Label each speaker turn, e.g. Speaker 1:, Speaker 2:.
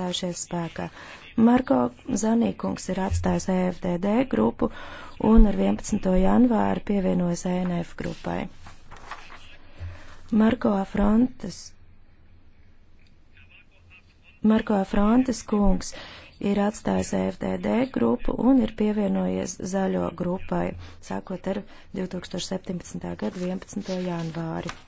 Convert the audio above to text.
Speaker 1: stājušies spēkā. Marko Zanīkungs ir atstājis EFDD grupu un ar 11. janvāru pievienojas ENF grupai. Marko Afrontes, Marko Afrontes kungs ir atstājis EFDD grupu un ir pievienojies zaļo grupai, sākot ar 2017. gada 11. janvāri.